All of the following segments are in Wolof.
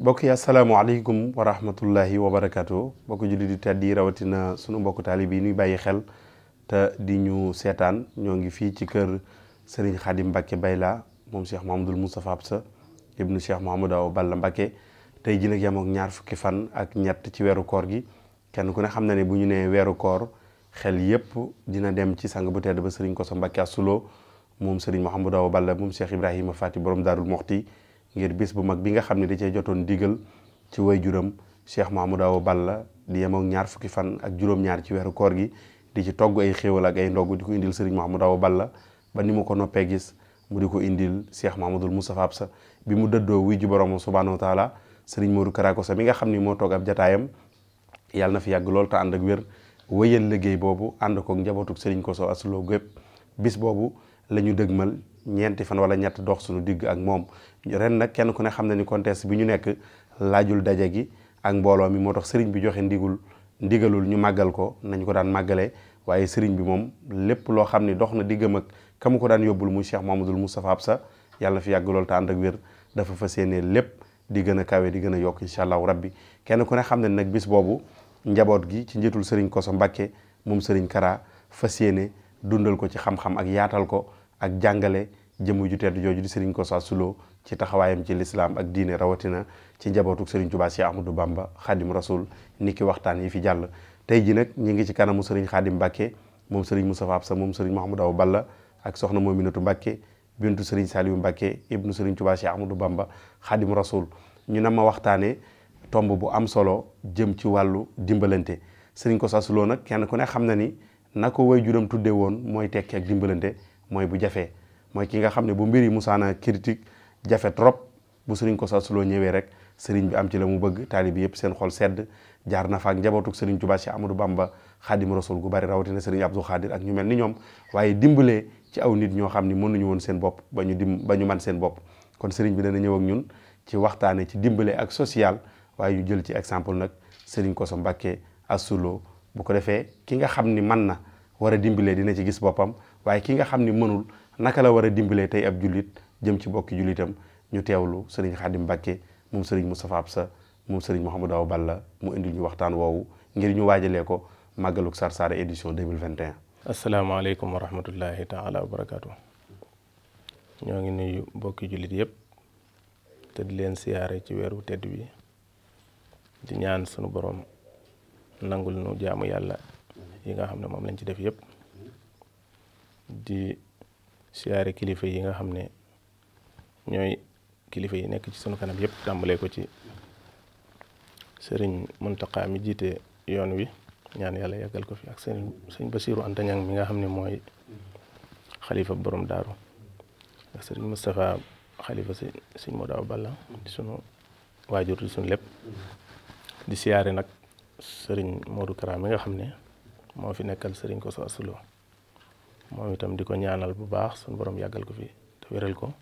mbokk yi asalaamaaleykum wa rahmatullahi wa barakaatu mbokk jullit di tedd yi rawatina sunu mbokk taalib yi nuy bàyyi xel te di ñu seetaan ñoo ngi fii ci kër sëriñ Khadim Mbacke Bayla moom Cheikh Mouhamadul Moustapha Absa ibnu Cheikh Mouhamadou Awa Balla Mbacke tey ji nag yem ñaar fukki fan ak ñett ci weeru koor gi kenn ku ne xam na ne bu ñu nee weeru koor xel yépp dina dem ci sang bu tedd ba Serigne Kosso Mbacke Assulo moom Serigne Mouhamadou Awa Balla moom Cheikh Ibrahima Fati borom Daarul Moxti ngir bis bu mag bi nga xam ne da cee jotoon digal ci way juram Cheikh Mamadou Awa Balla di yemook ñaar fukki fan ak juróom-ñaar ci weeru koor gi di ci togg ay xéewal ak ay ndogg di ko indil Serigne Mamadou Awa Balla ba ni mu ko noppee gis mu di ko indil Cheikh Mamadou Moustapha sa bi mu dëddoo wuy ji borom subhanahu wa taala Serigne Modou Karako sa bi nga xam ni moo toog ab jataayam yàlla na fi yàgg lool te ànd ak wér wëyal liggéey boobu ànd k njabootug Serigne Koso asuloo gépp bis boobu la ñeenti fan wala ñett dox suñu digg ak moom ren nag kenn ku ne xam ne ni contexte bi ñu nekk laajul daje gi ak mbooloo mi moo tax sëriñ bi joxe ndigul ndigalul ñu màggal ko nañu ko daan màggalee waaye sëriñ bi moom lépp loo xam ni dox na diggam ak ka mu ko daan yóbbul mu Cheikh Mamadul Moustapha Absa yàlla fi yàgg lool te ànd ak wér dafa fas yéene lépp di gën a kawe di gën a yokk incha allahu rabbi kenn ku ne xam ne nag bis boobu njaboot gi ci njiitul sëriñ Koso Mbàkke moom sëriñ Kara fas yéene dundal ko ci xam ak yaatal ko ak jàngale jëmm ju tedd jooju di Serigne Kossa Soulou ci taxawaayam ci lislaam ak diine rawatina ci njabootuk Serigne Touba Cheikh Ahmadou Bamba Khadim Rasoul niki waxtaan yi fi jàll tey ji nag ñu ngi ci kanamu Serigne Khadim Mbacke moom Serigne Moustapha Absa moom Serigne Mouhamadou Awa Balla ak soxna Mominatou Mbacke bintu Serigne Saliou Mbacke ibnu Serigne Touba Cheikh Ahmadou Bamba Khadim Rasoul ñu na ma waxtaanee tomb bu am solo jëm ci wàllu dimbalante Serigne ko Soulou nag kenn ku ne xam na ni na ko way juram tudde woon mooy tekki dimbalante mooy bu jafee mooy ki nga xam ne bu mbir yi musaana critique jafe trop bu sëriñ ko salsuloo ñëwee rek sëriñ bi am ci la mu bëgg taali bi yëpp seen xol sedd jaar na fa ak njabootuk sëriñ Tuubaa si Amadou Bamba xaadim rasul gu bari rawatina sëriñ Abdou Khadir ak ñu mel ni ñoom waaye dimbalee ci aw nit ñoo xam ni nañu woon seen bopp ba ñu dim ba ñu man seen bopp kon sëriñ bi dana ñëw ak ñun ci waxtaane ci dimbalee ak social waaye ñu jël ci exemple nag sëriñ Koso Mbàkke Assuloo bu ko defee ki nga xam ni man na war dimbalee dina ci gis boppam waaye ki nga xam ni mënul naka la war a dimbalee tey ab jullit jëm ci bokki jullitam ñu teewlu sëriñ Xaadim Mbàkke moom sëriñ Moustapha Absa moom sëriñ Mouhamadou Awa Balla mu indi ñu waxtaan woowu ngir ñu waajalee ko màggaluk Sarsara édition 2021 asalaamaaleykum wa rahmatullahi taala wa barakaatu ñoo ngi nuyu bokki jullit yépp te di leen siyaare ci weeru tedd bi di ñaan sunu borom nangul nu jaamu yàlla yi nga xam ne moom lañ ci def yépp di siyaare kilifa yi nga xam ne ñooy kilifa yi nekk ci sunu kanam yëpp tàmbalee ko ci sëriñ Muntaqa mi jiite yoon wi ñaan yàlla yàggal ko fi ak sëriñ sëriñ Basiiru Anta Ñaŋ mi nga xam ne mooy xalifa borom daaru ak sëriñ Moustapha xalifa si sëriñ Modou Balla di sunu waajur di sunu lépp di siyaare nag sëriñ Modou Kara mi nga xam ne moo fi nekkal sëriñ Kosso Astou Lo moom itam di ko ñaanal bu baax suñu borom yàggal ko fi te wéral ko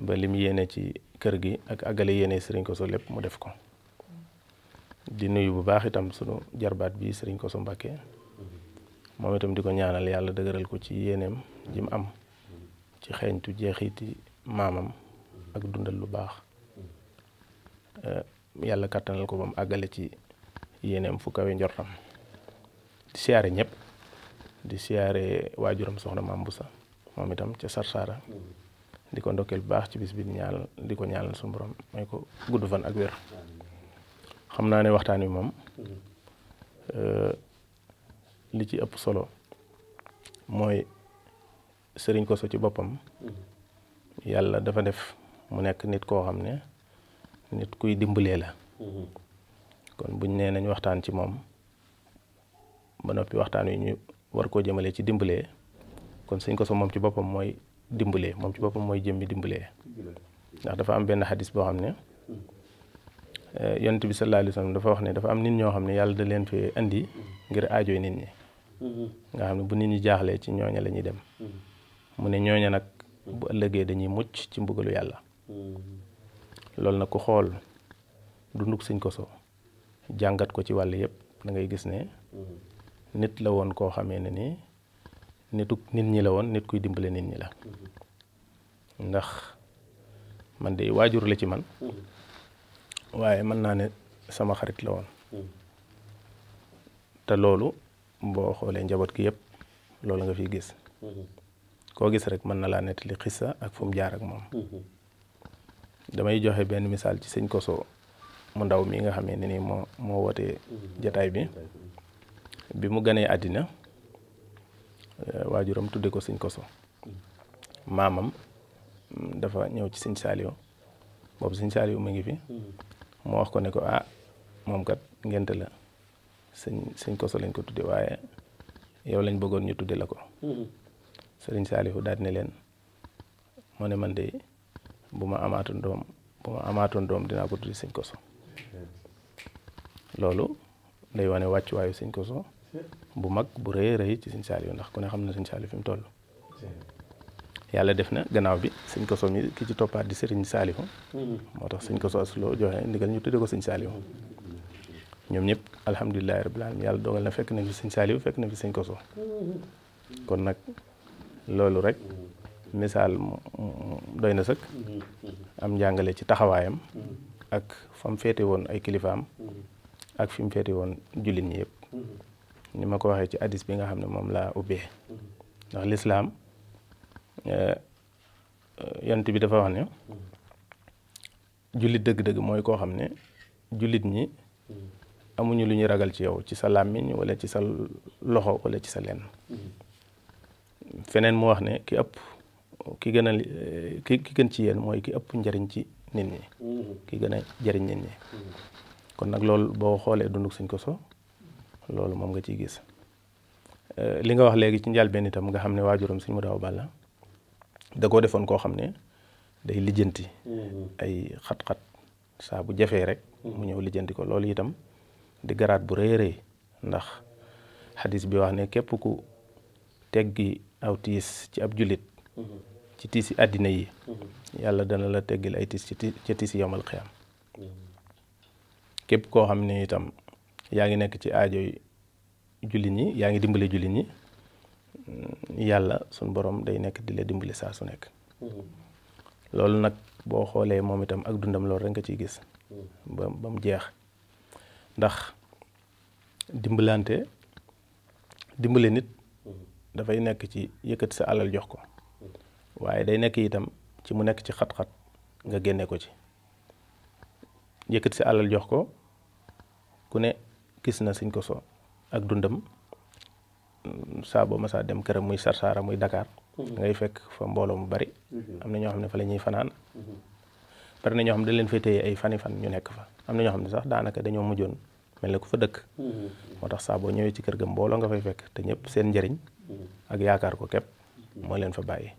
ba lim yéene ci kër gi ak àggale yéene sëriñ ko Koso lépp mu def ko di nuyu bu baax itam sunu jarbaat bi sëriñ Koso Mbàkke moom itam di ko ñaanal yàlla dëgëral ko ci yéeneem jim am ci xeeñtu jeexiti maamam ak dundal lu baax eh, yàlla kàttanal ko ba mu àggale ci yéeneem fu kawe njortam siyaare ñëpp di siyaare waajuram soxna Maam sax moom itam ca Sarsara di ko ndokkeel bu baax ci bis bi di ñaal di ko ñaanal suñu borom may ko gudd fan ak wér xam naa ne waxtaan wi moom euh, li ci ëpp solo mooy sëriñ ko Kosso ci boppam yàlla dafa def mu nekk nit koo xam ne nit kuy dimbalee la mm-hmm. kon buñ nee nañ waxtaan ci moom ba noppi waxtaan wi ñu war koo jëmalee ci dimbalee kon sëñ ko so moom ci boppam mooy dimbalee moom ci boppam mooy jëmmi dimbalee ndax dafa am benn xadis boo xam ne eh, yont bi sallallahu alayhi wa dafa wax ne dafa am nit ñoo xam ne yàlla da leen fee indi ngir aajooy nit ñi nga xam ne bu nit ñi jaaxlee ci ñooña la ñuy dem mu ne ñooña nag bu ëllëgee dañuy mucc ci mbugalu yàlla loolu nag ku xool dunduk sëñ ko so jàngat ko ci wàll yépp dangay gis ne nit la woon koo xamee ne ni nituk nit ñi la woon nit kuy dimbale nit ñi la ndax man de waajur la ci man waaye mën naa ne sama xarit la woon te loolu boo xoolee njaboot ki yépp loolu nga fiy gis koo gis rek mën na laa nettali sa ak fu mu jaar ak moom damay joxe benn misaal ci sëñ Koso mu ndaw mii nga xamee ne ni moo moo wootee mm-hmm. jataay bi bi mu ganee àddina euh, waajuram tudde ko sëñ koso maamam mm, dafa ñëw ci sëñ saaliw boobu sëñ saaliw mu ngi fi mu wax ko ne ko ah moom kat ngent la sëñ sëñ koso lañ ko tudde waaye yow lañ bëggoon ñu tudde la ko sëriñ saalihu daal ne leen moo ne man de bu ma amaatoon doom amaatoon doom dinaa ko tudde sëñ koso loolu day wane wàccuwaayu sëñ koso bu mag bu rëy rëy ci sëñ Saliou ndax ku ne xam na sëñ Saliou fi mu toll. yàlla def na gannaaw bi sëñ Koso mi ki ci toppaat di sëriñ Saliou. Mm-hmm. moo tax sëñ Koso asuloo joxe ndigal ñu tudde ko sëñ Saliou. Mm-hmm. ñoom ñëpp alhamdulilah rabbil alamin yàlla dogal na fekk nañ fi sëñ fekk nañ fi sëñ Koso. Mm-hmm. kon nag loolu rek misaal doy na sëkk. am njàngale ci taxawaayam. ak fa mu féete woon ay kilifaam. ak fi mu woon jullit ñi yëpp. ni ma ko waxee ci hadis bi nga xam ne moom laa ubbee ndax lislaam eh, yant bi dafa wax ne jullit dëgg-dëgg mooy koo xam ne jullit ñi amuñu lu ñuy ragal ci yow ci sa làmmiñ wala ci sa loxo wala ci sa lenn feneen mu wax ne ki ëpp ki gën a ki ki gën ci yéen mooy ki ëpp njariñ ci nit ñi ki gën a jariñ nit ñi kon nag loolu boo xoolee dunduk suñ ko so loolu moom nga ciy gis eh, li nga wax léegi ci njëlbeen itam nga xam ne waajuram suñ mu daaw bàlla da koo defoon koo xam ne day lijjanti mm-hmm. ay xat-xat saa bu jafee rek mu mm-hmm. ñëw lijjanti ko loolu itam di garaat bu rëy rëy ndax xadis bi wax ne képp ku teggi aw tiis ci ab jullit mm-hmm. ci tiisi àddina yi yàlla dana la teggil ay tiis ci tiisi képp koo xam ne itam yaa ngi nekk ci aajo jullit ñi yaa ngi dimbale jullit ñi yàlla suñ borom day nekk di la dimbali saa su nekk mm-hmm. loolu nag boo xoolee moom itam ak dundam loolu rek nga ciy gis mm-hmm. ba ba mu jeex ndax dimbalante dimbale nit mm-hmm. dafay nekk ci yëkkati sa alal jox ko waaye day nekk itam ci mu nekk ci xat-xat nga génne ko ci yëkkati si alal jox ko ku ne gis na ko Koso ak dundam saaboo boo masaa dem këram muy Sarsara muy dakaar mhm. ngay fekk fa mbooloo mu bari. Mhm. am na ñoo xam ne fa la ñuy fanaan. Mhm. bari na ñoo xam ne dañ leen fay téye ay fani fan ñu nekk fa am na ñoo xam ne sax daanaka dañoo mujjoon mel ne ku fa dëkk. moo tax saaboo ñëwee ci kër ga mbooloo nga fay fekk te ñëpp seen njëriñ. ak yaakaar ko képp moo leen fa bàyyi.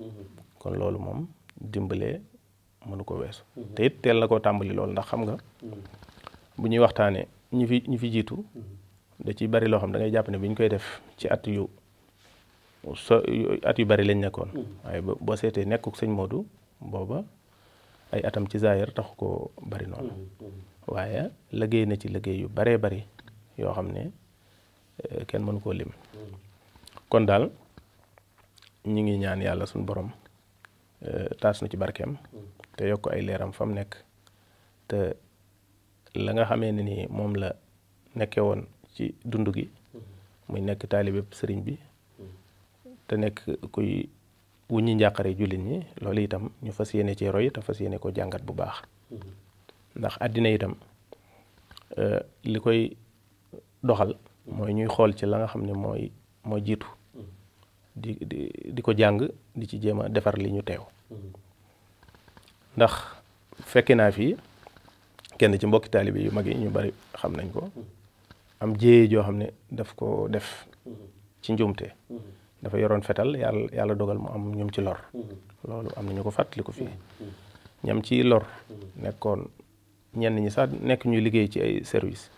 kon loolu moom dimbalee mënu ko weesu. te it teel na koo tàmbali loolu ndax xam nga. ñu fi ñu fi jiitu da ci bari loo xam da ngay jàpp ne bi ñu koy def ci at yu so at yu bari lañ nekkoon waaye boo seetee nekkuk sëñ moodu booba ay atam ci zaahir taxu ko bari noonu waaye liggéey na ci liggéey yu baree bari yoo xam ne eh, kenn mënu koo lim kon daal ñu ngi ñaan yàlla suñ borom eh, taas na ci barkeem te yokk ay leeram fam nekk la nga xamee ne ni moom la nekkee woon ci dund gi mm-hmm. muy nekk taalibeb sëriñ bi mm-hmm. te nekk kuy wuññi njàqare jullit ñi loolu itam ñu fas yéene ci roy te fas yéene ko jàngat bu baax mm-hmm. ndax àddina itam euh, li koy doxal mooy ñuy xool ci la nga xam ne mooy moo jiitu di di di ko jàng di ci jéem a defar li ñu teew ndax fekke naa fii kenn ci mbokki taalibe yu mag yi ñu bari xam nañ ko am jéeye joo xam ne daf ko def ci njuumte dafa yoroon fetal yàlla dogal mu am ñum ci lor loolu am na ñu ko fàttaliku fii ñam ci lor nekkoon ñenn ñi sax nekk ñuy liggéey ci ay service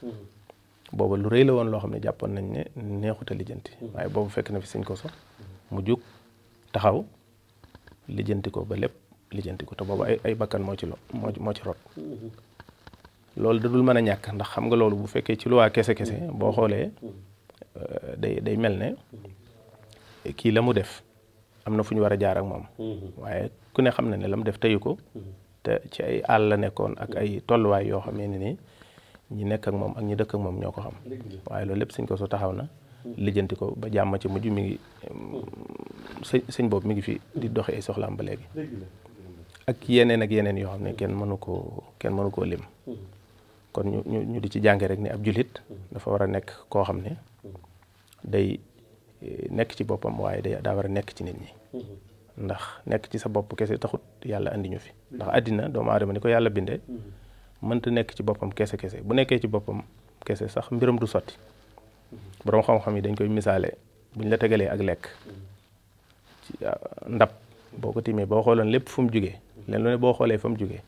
booba lu rëy la woon loo xam ne jàppoon nañ ne neexuta lijjanti waaye boobu fekk na fi sëñ ko so mu jug taxaw lijjanti ko ba lépp lijjanti ko te boobu ay ay bakkan moo ci lo moo moo ci rot loolu da dul mën a ñàkk ndax xam nga loolu bu fekkee ci luwaa kese kese boo xoolee euh, day day mel ne kii la mu def am na fu ñu war a jaar ak moom mm-hmm. waaye ku ne xam na ne la mu def teyu ko mm-hmm. te ci ay àll la nekkoon ak ay tolluwaay yoo xam ne nii ñi nekk ak moom ak ñi dëkk ak moom ñoo ko xam waaye loolu lépp sëñ ko su taxaw na mm-hmm. lijjanti ko ba jàmm ci mujj mi ngi sëñ sëñ boobu mi ngi fii di doxe ay soxlaam ba léegi ak yeneen ak yeneen yoo xam ne kenn mënu koo kenn mënu koo lim kon ñu ñu di ci jànge rek ni ab julit dafa war a nekk koo xam ne day eh, nekk ci boppam waaye day daa war a nekk ci nit ñi ndax nekk ci sa bopp kese taxut yàlla andi ñu fi ndax àddina doomu aadama ni ko yàlla bindee mënta nekk ci boppam kese kese bu nekkee ci boppam kese sax mbiram du sotti boroom xam-xam yi dañ koy misaale buñ la tegalee ak lekk ah, ndab boo ko tiimee boo xooloon lépp fu mu jógee leen lu ne boo xoolee fa mu jugee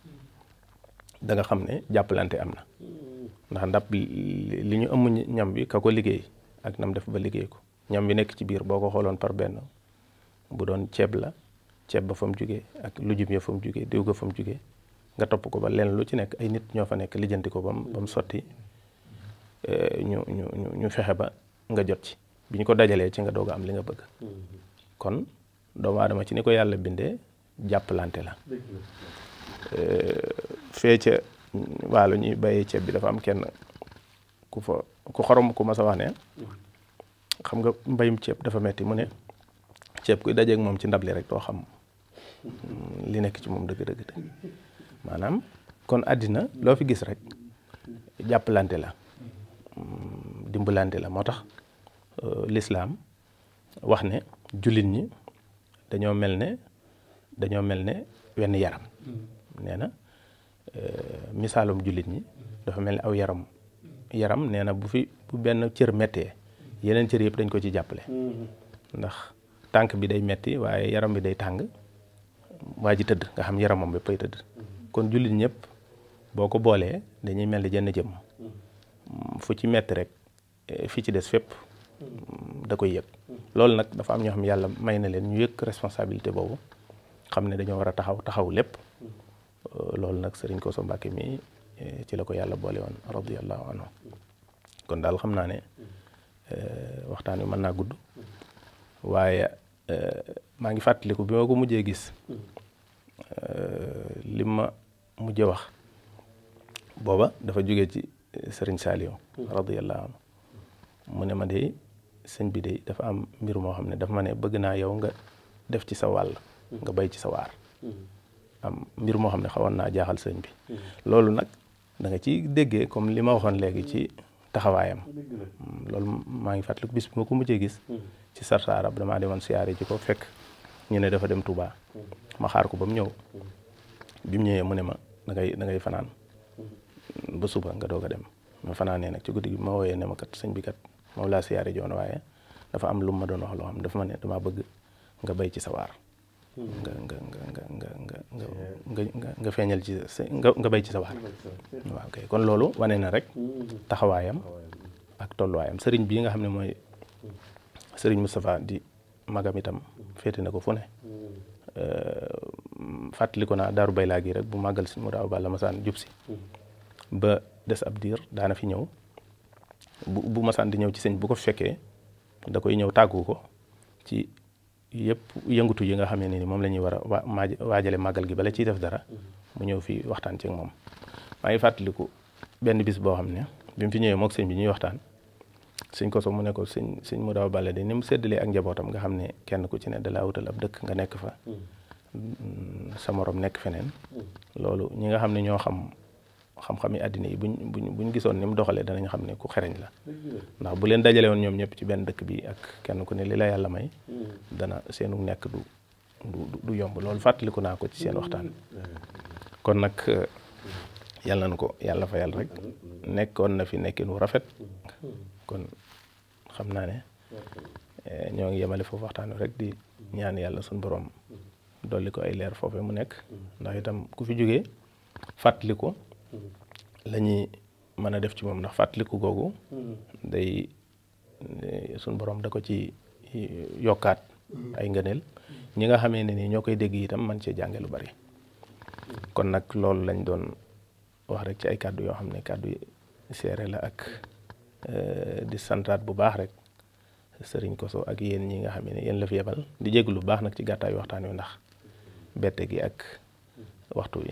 da nga xam ne jàppalante am na ndax ndab li ñu ëmm ñam bi ka ko liggéey ak nam def ba liggéey ko ñam bi nekk ci biir boo ko xooloon par benn bu doon ceeb la ceeb ba fa mu jugee ak lu ya fa mu jugee diw ga fa mu jugee nga topp ko ba lenn lu ci nekk ay nit ñoo fa nekk lijjanti ko ba mu ba sotti eh, ñu ñu ñu fexe ba nga jot ci bi ñu ko dajalee ci nga doog a am li nga bëgg. kon doomu aadama ci ni ko yàlla bindee jàppalante la. Eh, fee ca waalo ñuy bàyyee ceeb bi dafa am kenn ku fa ku xorom ku mas a wax ne xam nga mbayum ceeb dafa metti mu ne ceeb kuy dajeeg moom ci ndab li rek doo xam li nekk ci moom dëgg-dëgg de maanaam kon àddina loo fi gis rek jàppalante la dimbalante la moo tax euh, lislaam wax ne jullit ñi dañoo mel ne dañoo mel ne wenn yaram mm. nee na Euh, misaalum jullit ñi dafa mel ni aw yaram yaram nee na bu fi bu benn cër méttee yeneen cër yëpp dañ ko ci jàppale ndax tànk bi day metti waaye yaram bi day tàng waa ji tëdd nga xam yaramam ba pay tëdd kon jullit ñëpp boo ko boolee dañuy mel ni jenn jëm fu ci metti rek eh, fi ci des fépp da koy yëg loolu nag dafa am ñoo xam yàlla may na leen ñu yëg responsabilité boobu xam ne dañoo war a taxaw taxaw lépp loolu nag sëriñ Serigne Koso Mbacke mii eh, ci la ko yàlla boole woon radiyallahu anhu kon daal xam naa ne eh, waxtaan wi mën naa gudd waaye eh, maa ngi fàttaliku bi ma ko mujjee gis lim ma mujjee wax booba dafa jóge ci sëriñ Saliou radiyallahu anhu mu ne ma de sëñ bi de dafa am mbir moo xam ne dafa ma ne bëgg naa yow nga def ci sa wàll nga bay ci sa waar mm-hmm. am mbir moo xam ne xawoon naa jaaxal sëñ bi mm-hmm. loolu nag da nga ci déggee comme li ma waxoon léegi ci taxawaayam mm-hmm. mm, loolu maa ngi fàttaliku bis bu ma ko mujjee gis mm-hmm. ci sarsaara damaa demoon siyaare ji ko fekk ñu ne dafa dem Touba ma xaar ko ba mu ñëw bi mu ñëwee mu ne ma dangay da ngay fanaan ba suba nga doog a dem ma fanaanee nag ci guddi gi ma wooyee ne ma kat sëñ bi kat moom laa siyaare joon waaye dafa am lu ma doon wax loo xam dafa ma ne damaa bëgg nga bay ci sa waar nga nga nga nga nga nga feeñal ci sa nga nga ci sa waar. waaw kay kon loolu wane na rek taxawaayam ak tolluwaayam sëriñ bii nga xam ne mooy sëriñ Moustapha di magam itam féete na ko fu ne. Euh, fàttali naa daaru bay laa gi rek bu màggal si mu daaw bàlla masaan jub ba des ab diir daana fi ñëw bu bu masaan di ñëw ci sëñ bu ko fekkee da koy ñëw tàggu ko ci yëpp yëngatu yi nga xam ne ni moom la ñuy war a waajale màggal gi bala ciy def dara mm-hmm. mu ñëw fi waxtaan ci moom maa ngi fàttaliku benn bis boo xam ne bi mu fi ñëwee mook sëñ bi ñuy waxtaan sëñ koso mu ne ko sëñ sëñ mu daaw bale de ni mu séddalee ak njabootam nga xam ne kenn ku ci ne da laa wutal ab dëkk nga nekk fa mm-hmm. mm, sa moroom nekk feneen mm-hmm. loolu ñi nga xam ne ñoo xam xam-xam yi àddina yi buñ buñ buñ gisoon ni mu doxalee danañ xam ne ku xereñ la ndax bu leen dajale woon ñoom ñëpp ci benn dëkk bi ak kenn ku ne li la yàlla may mm. dana seenu nekk du du du yomb loolu fàttaliku naa ko ci seen waxtaan mm. kon nag yàlla na ko yàlla fa yàlla rek mm. nekkoon na fi nekkin wu rafet kon xam naa ne eh, ñoo ngi yemale foofu waxtaan rek di ñaan yàlla suñu boroom dolli ko ay leer foofee mu nekk ndax itam ku fi jógee fàttaliku lañuy ñuy mën a def ci moom ndax fàttaliku googu mm-hmm. day eh, suñ borom da ko ci eh, yokkaat mm-hmm. ay ngëneel ñi nga xamee ne nii ñoo koy dégg itam man cee jànge lu bari mm-hmm. kon nag loolu lañ doon wax rek ci ay kàddu yoo xam ne kàddu seere la ak eh, di santaat bu baax rek sëriñ Koso ak yéen ñi nga xam ne yéen la fi yebal di jégg lu baax nag ci gàttaayu waxtaan wi ndax bette gi ak waxtu wi